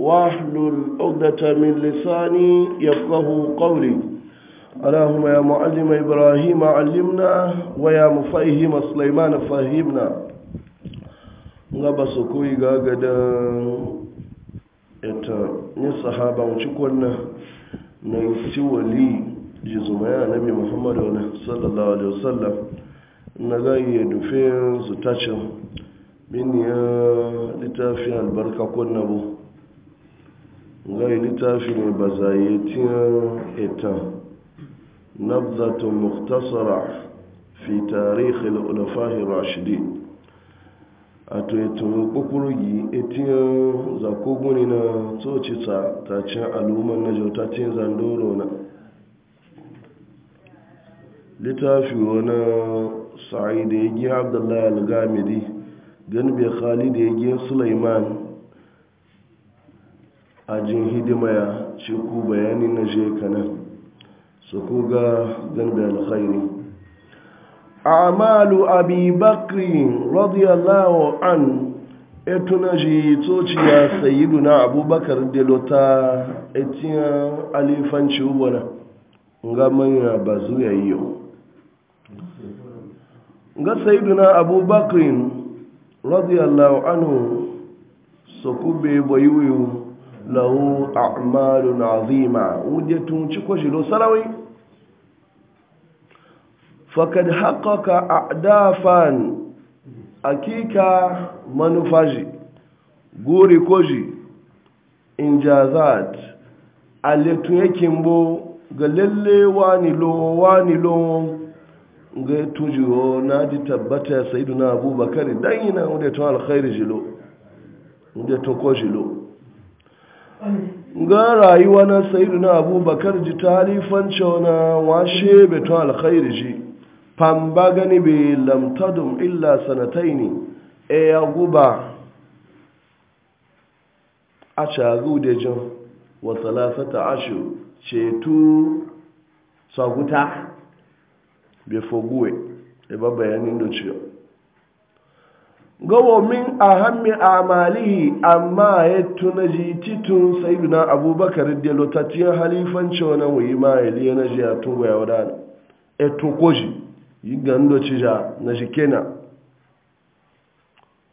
واحلل عقدة من لساني يفقه قولي اللهم يا معلم إبراهيم علمنا ويا مفهم سليمان فهمنا غبا سكوي غاغدا ita ni sahaba wuce kwanna na yi wali jizumaya nabi muhammadu sallallahu alaihi wasallam na gayyar dufin su tacin min ya littafin albarka kunna bu gai littafi ne ba zayyacin etan nabzatun muktasara fi tarihi ulafahi rashidi a to etun kukurugi etiyan zakoguni na tsocita ta cin aluman na jautacin zandoro na littafi wani sa'id ya gi abdullahi al-gamidi gan bai khalid ya gi sulaiman ajin hidima ya ci ku bayani na je kanan su ku ga zanbe alkhairi amalu abi bakri radiyallahu an e na ji toci ya sayidu na abubakar delota etiyan alifanci ubona nga manya ba zuwa yiwu ga na abubakar radiyallahu Anu su kube bayuwiyu lahu a'malun azima wuje tunci ko shilo sarawai fakad a dafan akika manufaji guri koji injazat aletun yakin bo ga lalle wani lo wani lo ga tujiyo na ji tabbata na abubakar dan yana wanda tun alkhairu jilo ko jilo ga rayuwa na sayidu na abubakar ji talifan cewa washe beton alkhairi shi famba gani be lamtadum illa sanatai ne e ya guba a cagu da jin wata lafata ashe ceto saguta be e ba bayanin da ciwo gawo min ahammi amalihi amma ya tuna ji titun sayyidina abubakar da lotacin halifanci wani wuyi ma ya liya na ji a tuba ya wadana e tunko shi yi gando ci ja na shi kena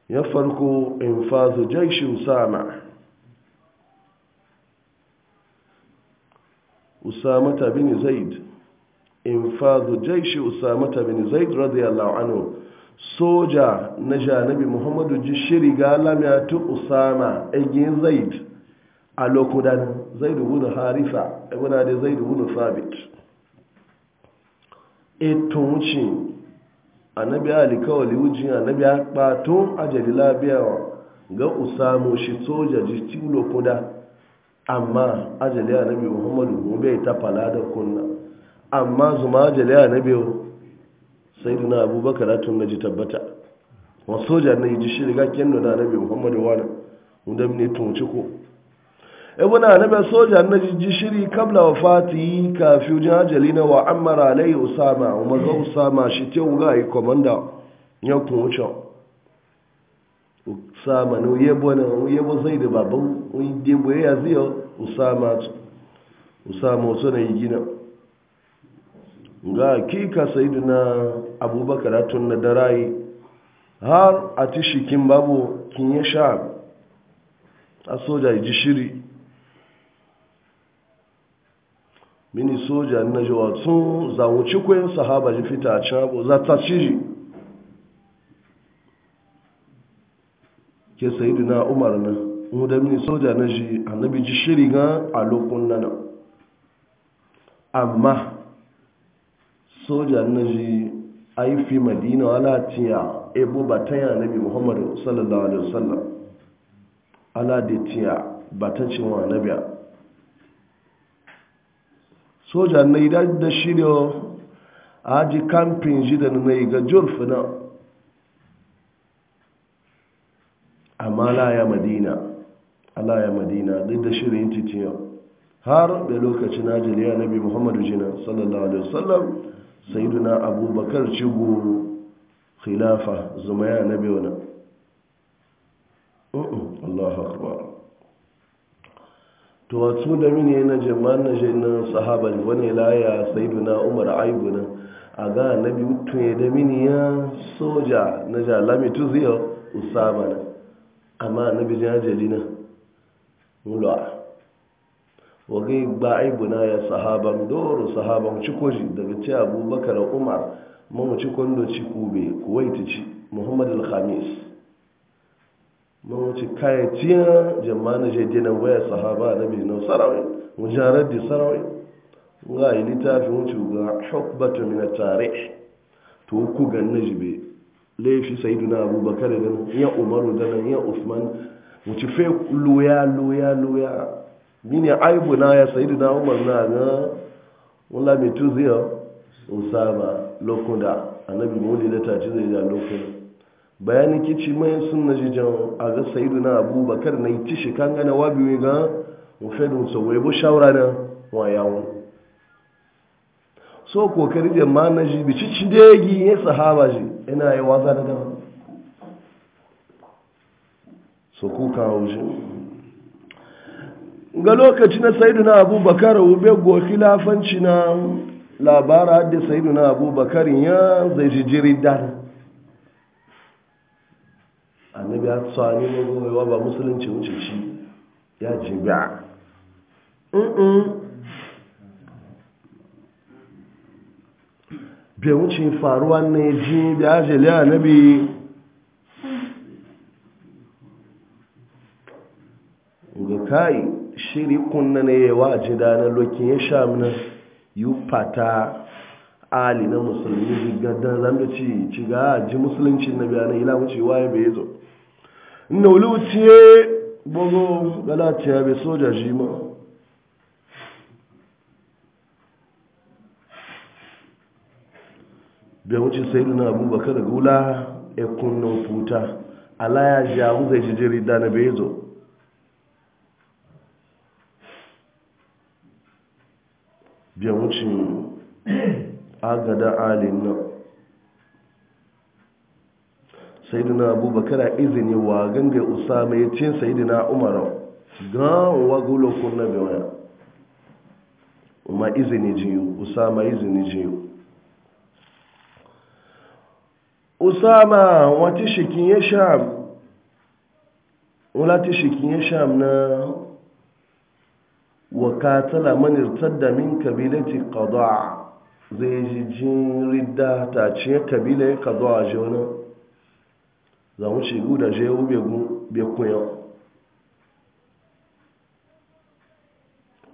ya farko in fazu jaishi usama usama ta bin zaid in fazu jaishi usama ta bin zaid radiyallahu anhu soja na janabi muhammadu ji shiri ga lamiyatu usama egin zaid a lokudan zaidu wuni harifa ebuna da zaidu wuni fabit eto wuce anabi alikawali wuce anabi akpato ajali labiyawa ga usamu shi soja ji ti lokuda amma ajali anabi muhammadu bai ta falada kunna amma zuma ajali anabi sai na abubakar atun na ji tabbata wa soja na yi ji shi riga kendo na bi muhammadu wani wanda mini tunci ko e na anabi soja na ji ji shiri kabla wa fati fi wajen ajali na wa ammar alai usama umar maza usama shi te wuga yi komanda ya kun wuce usama ne yebo na yebo zai da baban yebo ya ziyo usama usama so na yi gina ga kika sayiduna abubakar atun na darayi har a tishikin babu kin ya sha a soja ji shiri mini soja na jiwa tun zawuci kwayin sahaba ji fita a can abu za ta shiri ke sayiduna umar na mu da mini soja na ji annabi ji shiri gan a lokun na. amma soja na ji aifi madina wala tiya ebo batanya nabi muhammadu sallallahu alaihi wasallam ala da tiya batancin wa nabi soja na yi da shirya a ji kamfin ji da na yi ga jurfi na amma laya madina alaya madina duk da shirin titiyo har da lokacin ajiyar nabi muhammadu jina sallallahu alaihi wasallam sayiduna abubakar ci goro khilafa zuma na nabi wani allahu akbar to wasu da mini na jaman na jinin sahaban wani laya sayiduna umar aibuna a ga na biyu ya da mini ya soja na jalami tuziyo usama na amma nabi jajali na mula'a wage ba aibuna ya sahaban doro sahaban cikoji daga ce abubakar umar mamu cikon kwando ci kube kuwaiti ci muhammad al-khamis mamu ci kaya tiya jama'ana je waya sahaba na bi nau sarawai mujarar da sarawai ga yi littafin wuce ga hukbatu na tare. Ta ku ga najibe laifi na abubakar da ya umaru da ya usman wuce fe loya loya loya mini aibu na ya sayidu na umar na ga wula mai tuziya usama lokuda annabi mawuli da taci zai da lokuda bayanin kici mai sunna jijan a ga sayidu na abubakar na yi tishi kan gana wabi mai ga mufedun sa wai bu shawara na wa yawon so kokari da ma na ji bici ci degi ya sahaba ji ina yi wasa da dama so kuka shi. ga lokaci na sayiduna abubakar ube go khilafanci na labara da sayiduna abubakar ya zai ji jiri dan annabi ya tsani ne gowa ba musulunci wuce shi ya jibi'a bai wuce faruwa ne ji da ajiyar annabi ga kai shiri kunna ne ya waje da na lokin ya sha mana yi fata ali na musulmi gaddan zanda ci ci ga ji musulunci na biya na ila wuce waye bai zo na wuli wuce bogo galati ya bai soja shi ma bai wuce sai na abubakar gula ya kunna futa ala ya ji abu zai jijiri da na bai zo biya wucin agada alin nan sayidina abubakar izini wa ganga usama ya ce sayidina umaru gan gulokun na bewaya ma izini jiyu usama izini jiyu usama wata shikin ya sham wala ta shikin ya sham na wa katala man irtadda min kabilati qada zai ji jin ridda ta ce kabilai qada jona za mu shigu da je ube gun be kuyo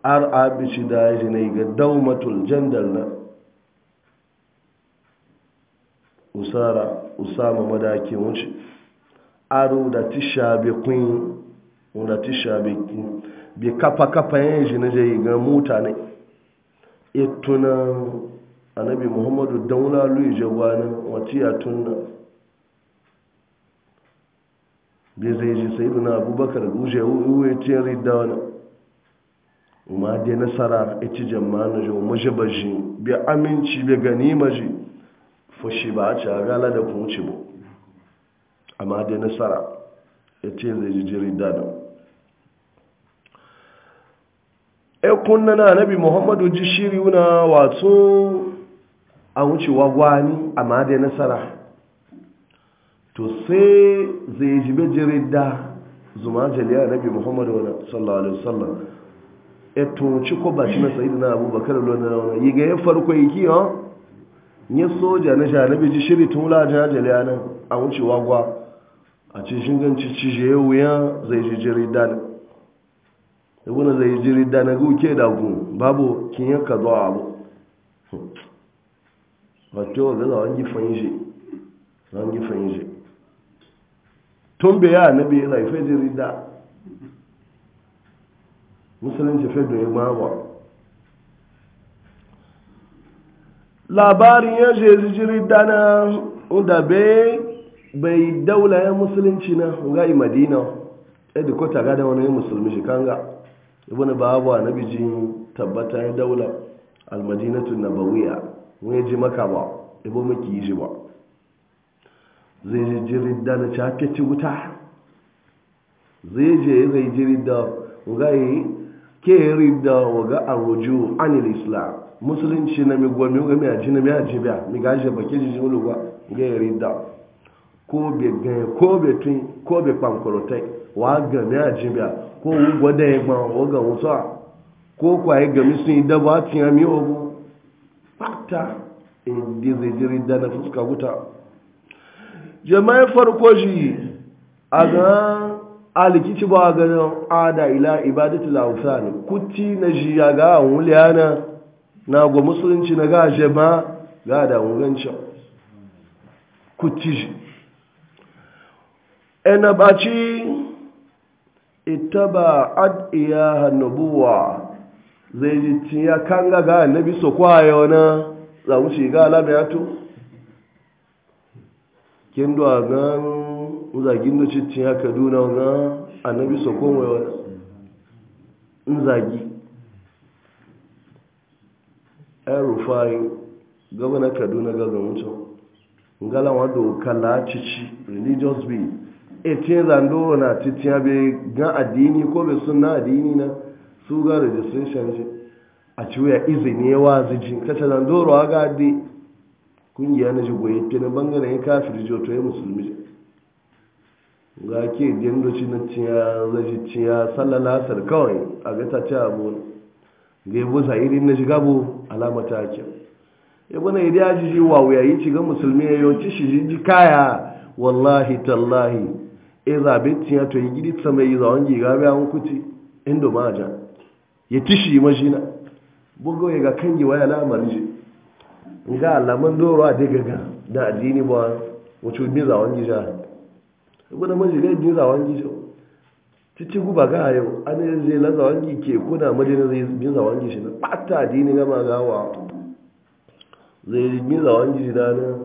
ar abici da ji ne ga daumatul jandal na usara usama madakin wuce aro da tisha be da tisha be kun bi kafa kafa yin shi na jayi ga mutane ituna annabi muhammadu daula luyi wati ya tunna bai zai ji sai na abubakar guje uwe tiyar ridda wani ma dai nasara ita jama'a na ba majabaji bi aminci bi gani maji fushi ba a ci a gala da kuma ci bu amma dai nasara ita zai ji da wani ekunna na nabi muhammadu ji shiri wuna wato a wucewa gwani a madai nasara to sai zai ji bejirin da zuma jaliya nabi muhammadu wani sallallahu alaihi wasallam e to ci ko ba shi na sa'idu na abubakar lona na wani ga ya farko yi kiyo ya soja na sha nabi ji shiri tun wula jaliya nan a wucewa gwa a cikin ganci cije wuya zai ji jirida ibn zai jiri da na guke da gun babu kin yanka zuwa abu wato ga za wangi fanji wangi fanji tun bai ya nabi ya zai fai jiri da musulunci fai don yi mawa labarin ya je jiri da na da bai bai daula ya musulunci na ga madina edikota ga da wani musulmi shi kanga ibn babu na bijin tabbata ya daula almadinatu nabawiyya wani ji maka ba ibo maki yi ji ba zai ji jirin da na cakeci wuta zai je zai jirin da wugayi ke ridda waga arruju anil islam musulunci na mi gwami ga mi aji na mi aji biya mi ga aji baki ji jimulu ba ga ridda ko be gan ko be tun ko be pankorotai wa ga mi aji biya ko wu gwada ya gba oga wuta ko kwaye gami sun yi daba tiya mi ogun fakta inda zai jiri da na fuska wuta jama'in farko shi a ga alikici ba a ganin ada ila ibadatu ne kuti na shi ya ga wuliyana na ga musulunci na ga jama ga da wugancin kuti shi ena baci ittaba adiyaha nubuwa zai ji ciya kan gaga annabi so kwayo na za mu shiga alama ya to kin do ga uzagin do ciya kaduna ga annabi so ko wayo in zagi ai rufai gwamna kaduna ga ga mutum ngala wa do kala religious being etin zandoro na titiya bai gan addini ko bai suna addini na su ga registration shi a ci wuya izini ya wazi ji kace zandoro a gadi kungiya na ji goye kenan bangaren ya kafir ji to ya musulmi ji ga ke dindoci na tiya zaji tiya sallala sar kawai a ga ta ci abu ga yabo zahiri na ji gabo alama ta ke yabo na idan ya ji ji wa wuya yi ci ga musulmi ya yawanci shi ji kaya wallahi tallahi e zabe tiya to yi gidi tsama yi zawon giga bai an kuti indo ma ja ya tishi mashina bugo ya ga kan yi waya lamar ji ga alaman doro a daga ga da addini ba wacu bi zawon gija ko da maji gai bi zawon gija titi guba ga yau an yi zai la zawon gi ke kuna na zai bi zawon gija na bata addini ga ma gawa zai bi zawon gija na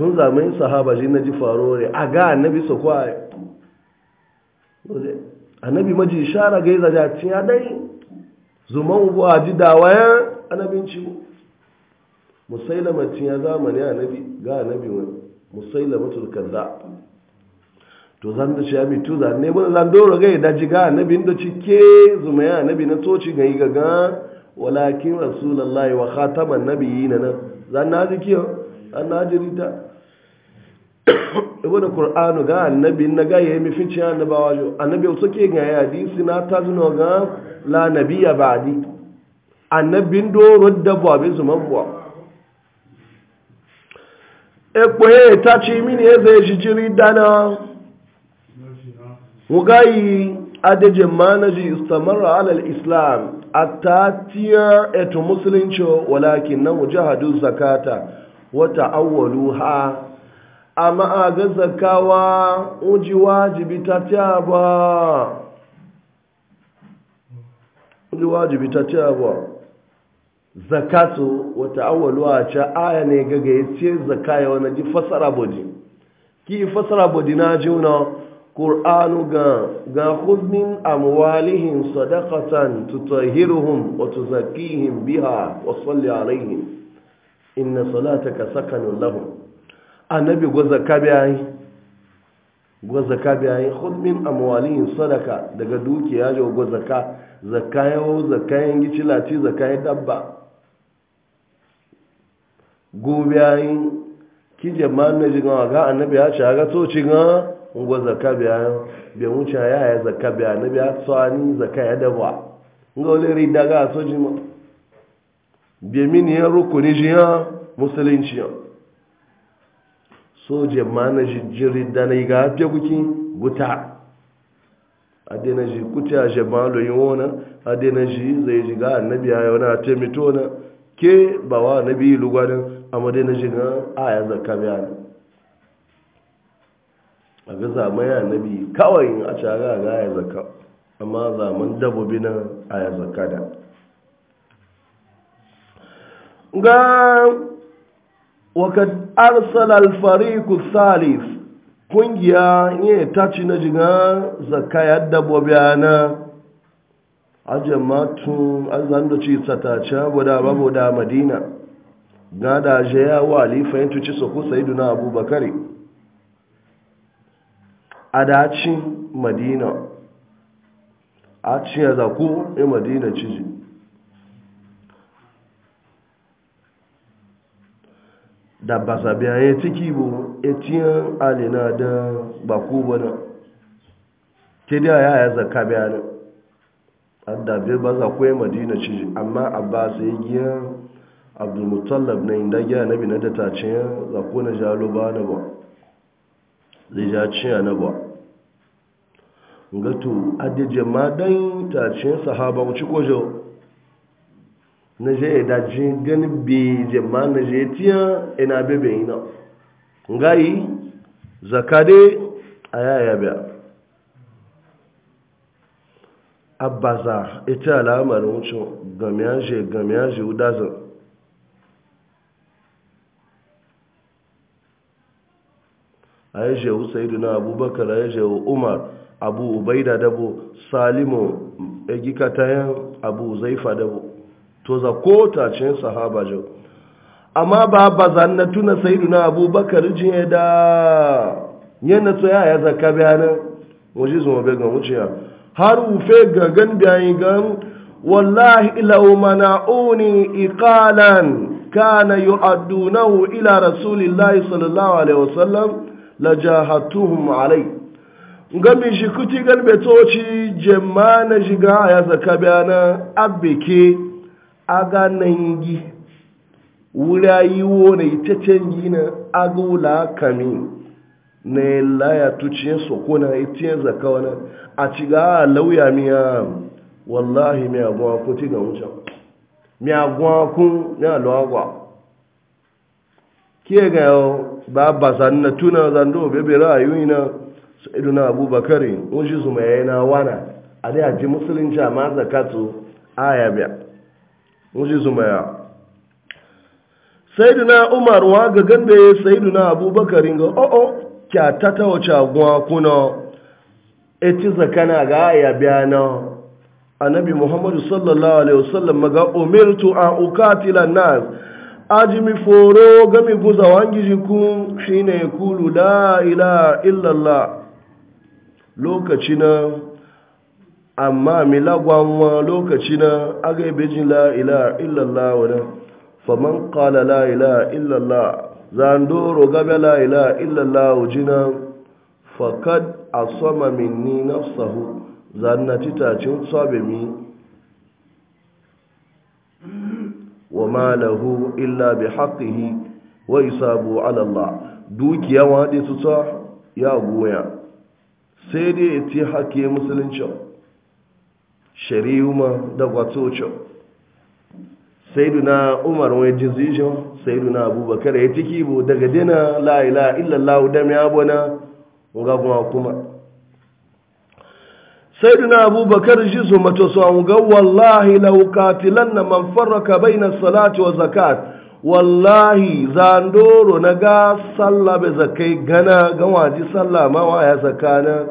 tun zamanin sahaba shi na ji farore a ga annabi su kwa annabi maji shara ga yi zaja ya dai zuman ubu a ji dawaya annabin ci musailama ci ya zamani annabi ga annabi wani musailama kaza. to zan da ya mitu zan ne bana zan doro ga da ji ga annabi da cike zuma ya annabi na toci ga yi gaga walakin rasulullahi wa khataman nabiyina nan zan na ji kiyo an na ji rita wani ƙur'anu ga annabi na ga ya yi mafincin annabawa yau, annabi wasu suke ga ya di na ta zuna ga lanabi ya ba di annabin doro da buwa bai zuma buwa e koye ta ci mini ya zai shi jiri dana wugayi adajin manaji istamara alal islam a tiya eto musulunci walakin na wujahadu zakata wata awwalu ha amma a ga zakawa uji wajibi ta tiya ba uji wajibi ta tiya zakatu wata a ce aya ne gaga ya ce zakaya wani ji fasara bodi ki fasara bodi na jiuna ƙur'anu ga ga hudmin amwalihim sadaqatan tutahhiruhum wa tuzakkihim biha wa salli alaihim inna salataka sakanun lahum annabi gwaza kabiyayi gwaza kabiyayi hudmin amwaliyin sadaka daga dukiya ya da gwaza ka zakayo zakayen gicilati zakayen dabba gobe gobiyayi kije ma na jiga ga annabi ya ci ga to ci ga ngwa zakka biya be wuce ya ya zakka biya annabi ya tsani zakka ya dawa ngo le ri daga so ji mo be mini ya rukuni ji ya musulunci ya soje mana na jijjiri da na iga hafiya kuki guta ade na ji kuti a jama malo yi wona ade na ji zai ji ga annabi a yau na te mito na ke ba wa annabi lugwanin a dai na ji ga ya zakka biya a ga na annabi kawai a cara ga ya zakka amma zaman dabobi na ya zakka da ga wakad arsala alfariku salif kungiya ne ta ci na jina zaka yadda bobiyana a jama'atun azan da boda ba boda madina na da je ya wa alifayin tuci su ku sai duna abubakar a dacin madina a cin ya zaku ya madina ciji da ba sabiya ya ciki bu etiyan alina da baku bana ke da ya ya zaka biya ne an da bai ba za ku yi madina ci amma abbas ya giya abdulmutallab na inda giya na bina da tace za ku na jalo ba na ba zai ja ciya na ba gato adijin ma dan tace sahaba ku ci kojo na je da jin gani bi jemma na je tiya ina bebe ina ngai zakade aya ya biya abaza ita alamar wucin gamiyaje gamiyaje udazin a yi shehu sayidu na abubakar a yi shehu umar abu ubaida dabo salimu egikatayen abu zaifa dabo to za ko tacin sahaba jau amma ba ba zanna tuna sayyiduna abubakar jiya da yana tsaya ya zaka bayana. waje zuma bai ga wuciya har ufe ga gan bayan gan wallahi umana mana'uni iqalan kana yu'addunahu ila rasulillahi sallallahu alaihi wasallam lajahatuhum alai mi shi kuti gan betoci jemma na jiga ya zaka bayanan abike aga nangi wura yi ayiwo na itacen yi na aga wula kami na yalla ya tuciye soko na zaka wani a ci ga lauya miya wallahi miya gwa ku ti ga wuce miya gwa ku miya lagwa kiye ga yau ba ba san na tuna zando bebe ra'ayoyi na sa'iduna abubakar wunshi su mai yana wana a da ya ji musulunci a ma zakatu aya biya wuji zumaya sayyiduna umar wa ga ganda ya sayyiduna abubakar ga o'o oh, oh, kyata ta wace aguwa kuna eti zakana ga ya biya na annabi muhammadu sallallahu alaihi wasallam ga umirtu a ukatila nas ajimi foro gami guza wangiji kun shine kulu la ilaha illallah lokaci na amma milagwanwa lokaci na agaibejin la'ila illallah wani faman kala la'ila illallah zandoro gabe la'ila illallah jina fakad a sama minni na sahu zannati tacin tsabe mi wa ma lahu illa bi haqqihi wa isabu ala Allah dukiya wa su ta ya goya sai dai ti hakke musulunci shari'uma da gwatocho sayyiduna umar wani jizijin sayyiduna abubakar ya tiki bu daga dina la'ila illallahu da mai abona ga kuma kuma sayyiduna abubakar jizu mato su ga wallahi laukatilan na man farraka bainar salatu wa zakat wallahi ndoro na ga sallah bai zakai gana ga waji sallah ma wa ya zakana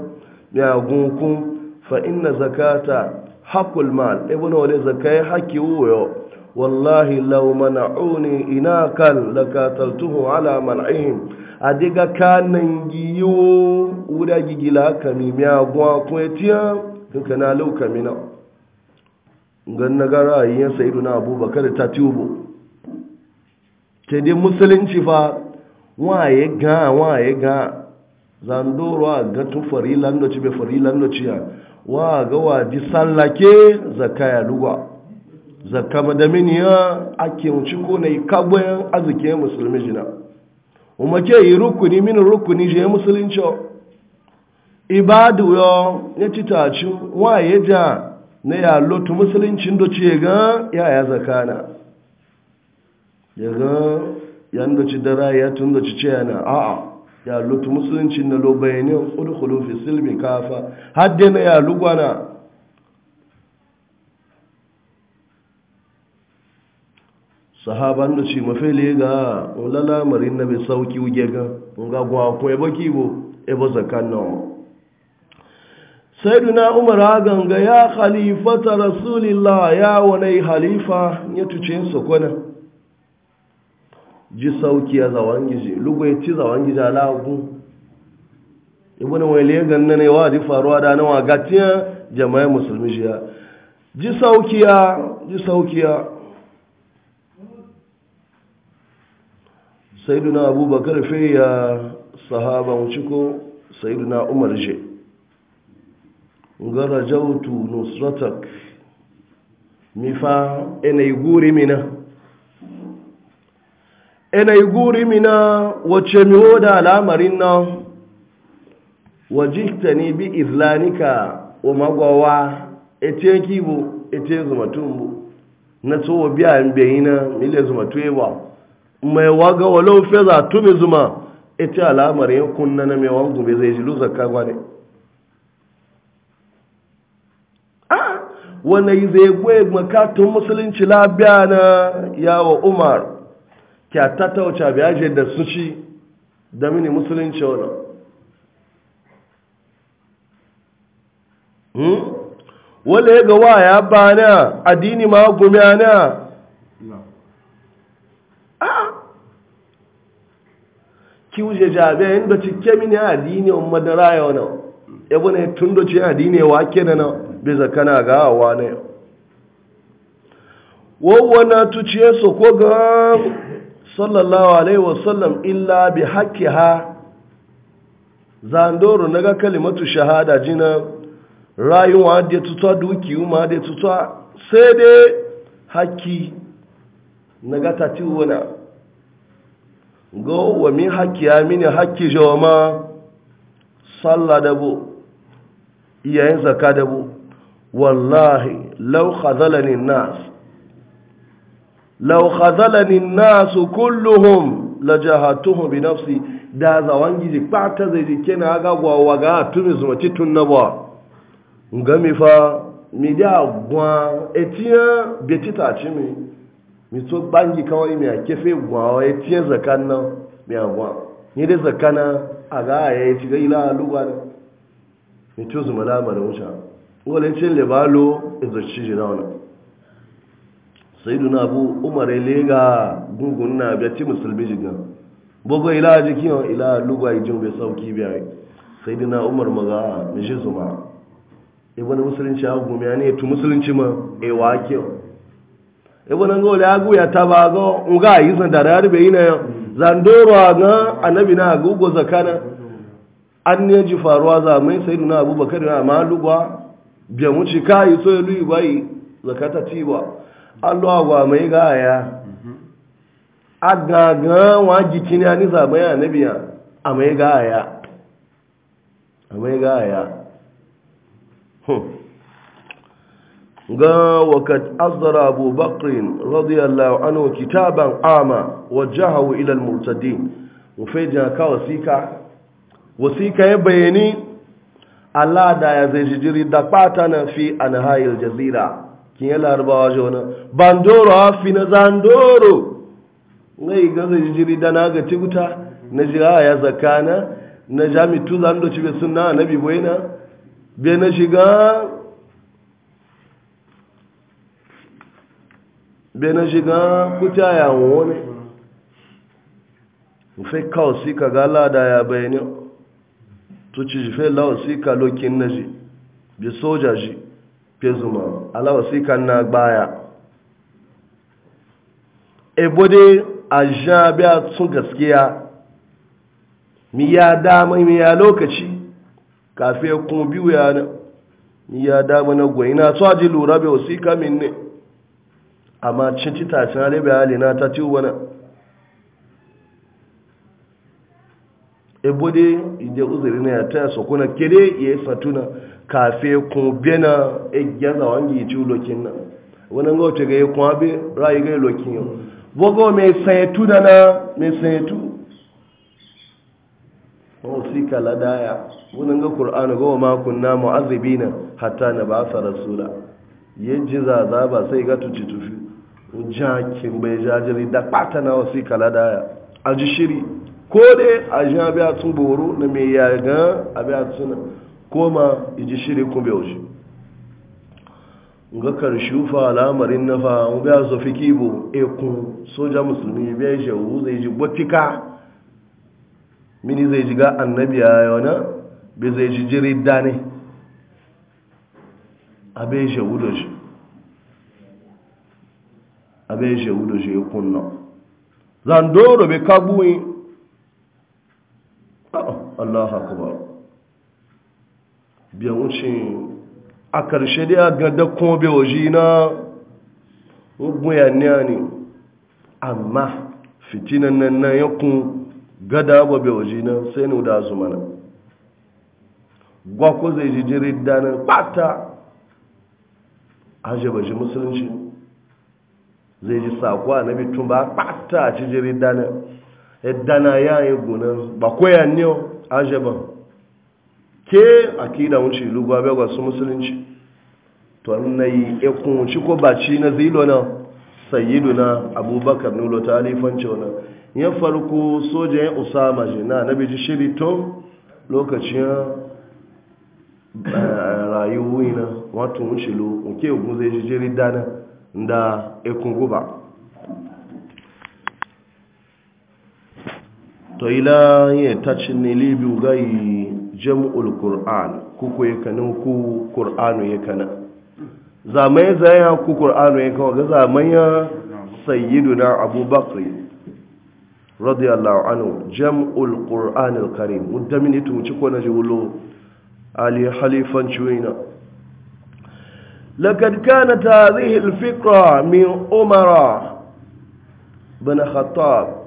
ya gunkun fa inna zakata hakul mal ibn wale zakai haki wuyo wallahi law kan inakan lakataltuhu ala man'ihim adiga kanan giyo wuda gigila kami miya gwa kwetiya duka na lau kami na gan na gara ayyan sayidu na abubakar ta tubo ke dai musulunci fa waye ga waye ga zandoro a ga tun farilan da ci be farilan da ci ya wa ga waji sallake zaka ya lugwa zaka ba da mini ya ake wuce ko na ikagbayan arziki musulmi jina umarke yi rukuni mini rukuni je musulunci ibadu yo ya ci taci wa ya ja na ya lotu musuluncin da ce ga ya ya zakana ya ga ya da dara ya tun da ci ce yana a'a ya lutu musulunci na lo bayani udkhulu fi silmi kafa hadde na ya lugwana sahaban da ci mafele ga ulala marin na bai sauki wuge ga ga gwa ko e baki bo e bo Sai sayyiduna umar hagan ga ya khalifata rasulillah ya wani halifa ya tuce kwanan? ji sauki a zawon gije lugwai ci zawon gije alagun ibn wale ganna ne wa ji faruwa da nawa gatiya jama'a musulmi jiya ji saukiya ji saukiya saiduna abubakar fe ya sahaba wuciko sayyiduna umar gara jautu nusratak mifa ina yi guri mina ena iguri mina wace miho da al'amarin nan wajikta ne bi islanika wa magwawa ete kibo ete zumatun bu na tsoho biya in bayi na mile zumatu yawa mai waga walau feza tumi zuma ete al'amarin kunna na mai wangu bai zai jilu ne. Wannan yi zai gwe makatun musulunci labiya na yawa umar kya tattauca biyaje da su ci da mini musulunci wani hmm? wale ya gawa ya ba na adini ma gumi na ah! ki wuje jabe inda cike mini adini on madara ya wani ebe ne tun da ce adini wa ke na bai zakana ga awa na yau wawana tuciye su ko ga sallallahu alaihi wasallam illa bi haqqiha zandoro ga kalimatu shahada jina rayuwa da tutwa duki ma da tutuwa sai dai haƙƙi naga tatiwana go wa min haqqiya min haqqi jawama salla dabo iyayen zakka dabo wallahi law khazalani nas law khazalani an-nasu kulluhum lajahatuhu bi nafsi da zawan giji kwata zai jike na ga gwawa ga tumi zuma ci tun na ba ngami fa mi da gwa etiya betita ci mi mi to bangi kawai mi akefe gwawa etiya zakan na mi agwa ni da zakana aga ya ci ga ila lugwa ne mi to zuma la mara wuta wala cin lebalo izo ci jina wannan na abu umar lega gungun na biya ci musulmi jigan bugu ila jiki yau ila lugwa ijin bai sauki biya na umar maga mishi zuma wani musulunci a gumi ya ne tu musulunci ma wa kyau wani ga wale agu ya taba ga nga yi zan da ya bai yi na yau a ga annabi na agogo zakana an ne ji faruwa zamai sayyiduna abubakar na ma lugwa biya mu ci kai so ya luyi bai zakata tiwa alọ́ àwọ̀ àmọ́ igá àyà mhm. agàgán wọn jikin jí kíní bayan àmọ́yà níbi àmọ́ igá àyà àmọ́ igá àyà hmm. gan wakat azara abubakrin radiyallahu anhu kitaban ama wa ila al-murtadin wa fajan ka wasika wasika ya bayani Allah da ya zai jiri da na fi anhayil jazira kiye larabawa jona bandoro afi na zandoro ngai gaza jiri dana ga tiguta na jira ya zakana na jami tuzan zando ci be na nabi boyna be na shiga be na shiga kuta ya wani. fe kawo si ka ga lada ya bayani to ci fe lawo si ka lokin na ji bi soja ji pezuma alawasikan na gbaya ebode a sha biya tun gaskiya mi ya dama mi ya lokaci kafe kuma biyu ya na mi ya dama na gwai na tsawa ji lura biya wasika min ne amma cin ci tashin halibai halina ta ci wani ebode ije uzuri na ya taya sokuna kere iya satuna kafe ko bena e gyaza wangi ci lokin nan wannan ga wace ga yi kuma be rayu ga lokin yau bogo me sayetu da na me sayetu si kala daya wannan ga qur'ani ga ma kunna mu'azzibina hatta na ba sa rasula yaji zaza ba sai ga tuci tufi jakin bai jajiri da pata na wasika ladaya aji shiri ko dai a jin a tun boro na me yaga abiya a koma iji shiri kube wuce ga karshe fa al'amarin na fa mu biya su fi kibo ekun soja musulmi biya wu zai ji gwatika mini zai ji ga annabi ya yana bai zai ji jiri dane abin shehu da shi abin shehu da shi ekun nan zandoro bai kabuwi Allah akbar biya wucin a ƙarshe dai ga dakon bewaji na gbuyanniya ne amma fitinan nan na yakun gada ba bewaji na sai ne da zuma na gwakwa zai ji jirin danar bata a ji musulunci zai ji sakwa na bitun ba bata a ci jirin danar ya dana ya yi gunan ba koyanniyo ajiye ba ke akida wuce lugwa bai gwasu musulunci to na yi ikun wuce ko baci na zilo na sayidu na abubakar nulo ta alifanci wani ya farko soja ya usama je na na biji shiri to lokacin eh, rayuwi na wato wuce lo nke ogun zai ji jiri dana da ikun guba to ila yi tacin جمع القرآن كوكو يكنو كو قرآن يكنا زامي زايا كو قرآن يكنا زامي سيدنا أبو بكر رضي الله عنه جمع القرآن الكريم مدامين يتو مشكو نجولو علي حليفا شوينا لقد كانت هذه الفكرة من عمر بن خطاب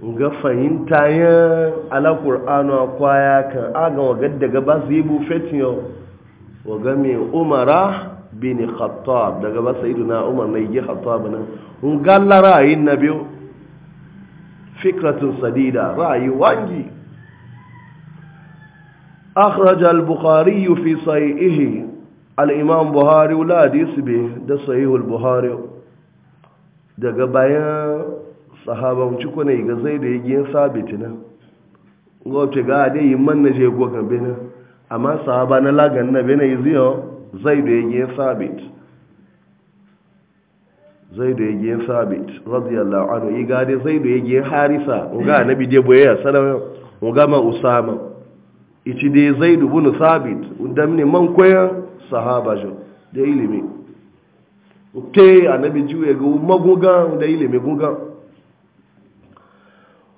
ga fahimta yin alakur'anu a kwaya kan aga wagar daga ba su yi bufetin yau waga mai umara bin khattab daga ba sa na umar na yi khattab nan hun galla ra'ayin na biyu fikratun sadida ra'ayi wangi akhraj al-bukhari fi sahihi al-imam buhari wala hadisi bi da sahihul buhari daga bayan sahabanci kone ga zai da yagiyin sabiti na ga wace ga da yi man na je goga bena amma sahaba na lagan na bena yi ziyo zai da yagiyin sabit zai da yagiyin sabit radiyallahu anu yi ga zai da yagiyin harisa ga na je boyayya salama ga ma usama ichi dai zai da bunu sabit da ne man koyan sahaba jo da ilimi na annabi juye ga magugan da ilimi gugan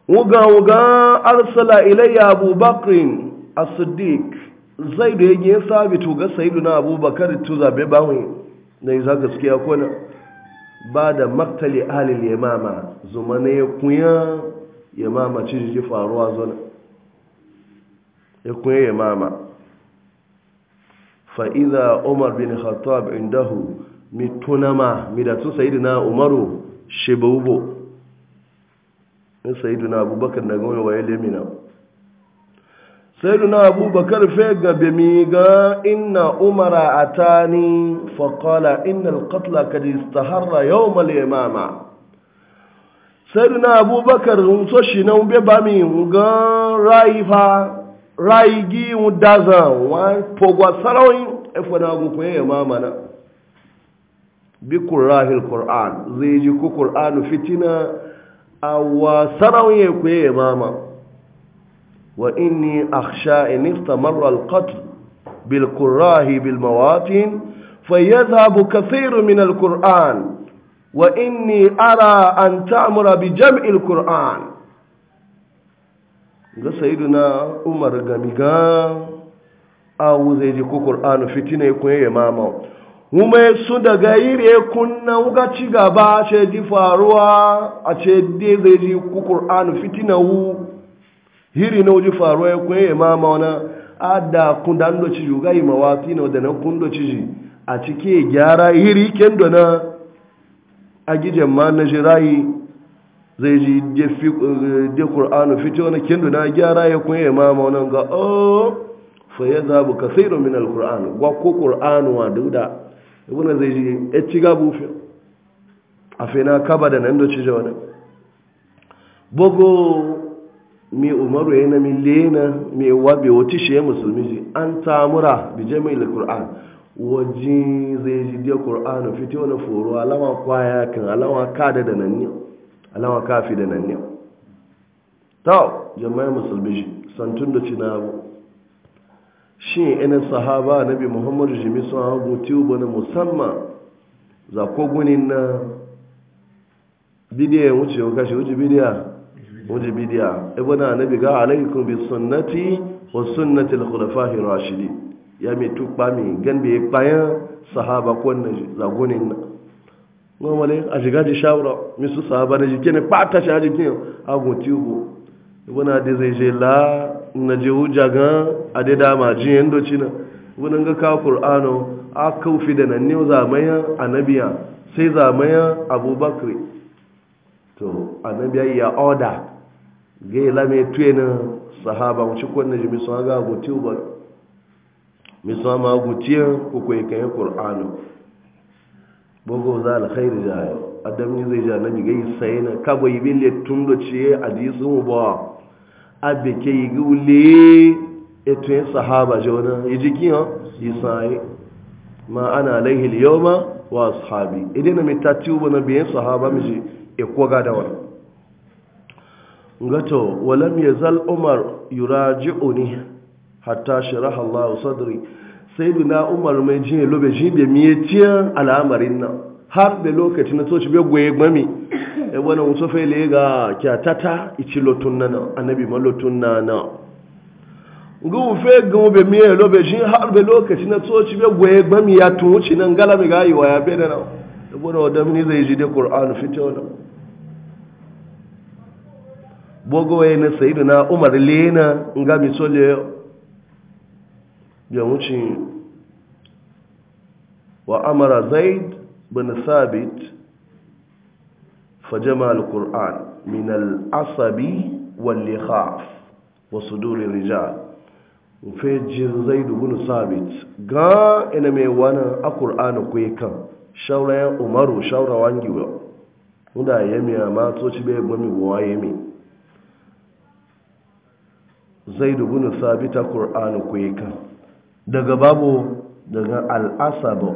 wuga wuga arsala ilayya abubakrin a siddiq zai da yake sabitu ga na abubakar tu zabe bawe da yi gaskiya ko akwai ba da maktali na ya kunya ya mama ci ji faruwa zona ya kunya ya mama. Fa'iza umar bin khattab indahu midatun midatu na umaru shebubu ni saiduna abubakar na gawai waye lemina sayyiduna abubakar fe gabe mi ga inna umara atani fa qala inna al-qatla kad istaharra yawm al-imama abubakar n so shi na be ba mi ga raifa raigi n daza wa pogwa sarawin e na gun e mama na bi qur'ahil qur'an zai ji ku qur'anu fitina awa sarawun ya kuye ya mama wa inni akhsha in istamarra al-qatl bil qurrahi bil mawatin fayadhhabu kathirun min al-qur'an wa inni ara an ta'mura bi jam'i al-qur'an ga sayyiduna umar gamiga awu zai ji ku qur'anu fitina ya kuye ya mama kuma su daga yiri kunna wuka ci gaba ce ji faruwa a ce dai zai ji ku ƙur'anu fitina wu hiri na wuji faruwa ya kun yi mama wani adda kun da an doci ji wuka yi mawati na wadda na kun doci ji a cike gyara hiri kendona na a gijen ma na jirayi zai ji de ƙur'anu fitina wani na gyara ya kun yi mama wani ga o oh, fa ya zabu kasairu min al-ƙur'an gwa ko ƙur'anu wa duk da ibuna zai ji ya ci gabu fi a fina kaba da nan da ci jawa bogo mi umaru ya na milena mi wabe wa shi ya musulmi ji an tamura bi jami'il kur'an waji zai ji kur'an qur'an fito na foro alama kwaya kan alama kada da nan ne alama kafi da nan ne ta jama'a musulmi ji santun da ci na abu shi yanin sahaba nabi muhammadu jimi sun hagu tubu na musamman za kogunin na bidiyar wuce wa kashe wuce bidiyar wuce bidiya ibana nabi ga alaikun bi sunnati wa sunnati al-khulafahir rashidi ya mai tukpa mai ganbe ya bayan sahaba kwanan zagunin na normally a shiga ji shawara misu sahaba na jikin ne ba shi a jikin hagu tubu ibana da zai je la na je hujja ga a da dama jin cina wunan ga ka qur'ano a kaufi da nan ne zamaya nabiya sai zamaya abubakar to nabiya ya oda ga lamai me na sahaba mu kwanne na jimi ga gote ba mi ma gote ko ko kayan qur'ano bugu za alkhair jayo adam ni zai ja nabi gai sai na kabo yi bille tun do ciye hadisu ba abe ke yi gi wule eto yin sahaba je wani yi jiki yan yi ma ana alaihi liyoma wa sahabi idan na mita ti ubo na biyan sahaba miji ikwo e gadawa ngato walam zal umar yuraji'uni hatta sharaha allah sadri na umar mai jin lobe jin be miye tiyan al'amarin nan har da lokacin na toci be goye gbami e eh, wani wasu fele ga kyatata ici lotun na na annabi ma lotun na na ga ufe ga ube miye lobe shi har be lokaci na tsoci be goye gbami ya tun wuce nan gala be ga yi wa ya be na e wani wadda mini zai ji da qur'an fito na bogo ya na sayidu na umar lena nga mi sole ya wuce wa amara zaid bin sabit فجمع القرآن من العصب واللخاف وصدور الرجال وفي زيد بن ثابت قا إن ميوانا القرآن كويكا شاورا يا عمر شاورا وانجي ودا يمي ما توشي بي بمي وايمي زيد بن ثابت القرآن كويكا daga babu daga al'asabu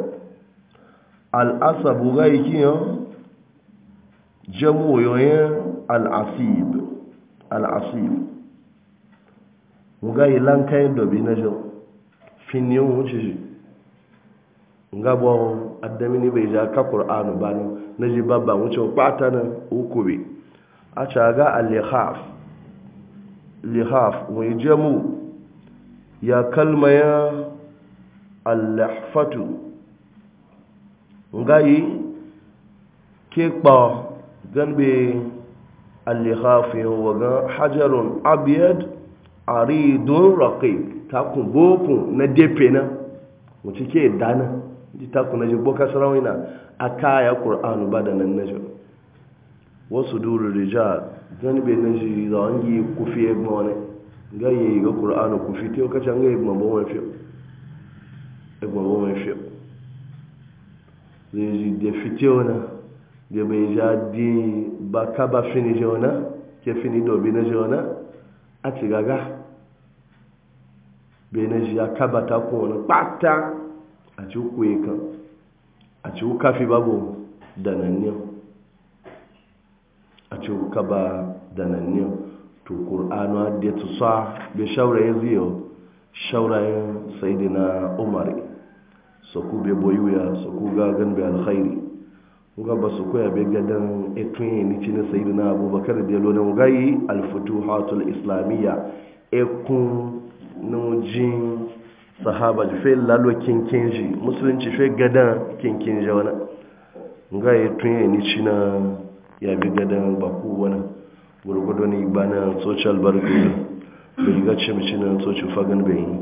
al'asabu ga yi kiyan jamu jamoyoyin al'asib al'asib ga ilan kayan dobi na jo finiyan wuce shi gabon addamini bai ja ka ƙur'anu ba ne na ji babban wuce kwata nan uku be a caga al-lihaf lihaf mai jamu ya kalmaya al nga yi ke kpawa. ganbe al-likhafin waga hajarun abiyad aridun raqib takun na defe na dana ji takun na yana a kaya ƙur'anu ba da na wasu duru rija zanbe na ji za kufi ya wani gaye ga kufi ta yau kacan zai ji da na da bai di ba ka ba fini jona ke fini dobi na jona a ci gaga bai na ji kaba ta kuna kpata a ci uku kan a ci uku kafi babu dananniyan a ci uku kaba dananniyan to ƙur'anu a da tusa bai shaurayen ziyo sai e na umari su ku bai boyuya su ku gagan bai alkhairi ga basu su koya bai gadon etunye ni cinin sayidu na abubakar da yalo na gayi alfutu hatul islamiyya ekun nujin sahaba da fai lalo kinkinji musulunci fai gadon kinkinji wani ga etunye ni cinin ya bi gadon baku wani gurgudu ne ba na social barcode bai ga cimci na social fagan yi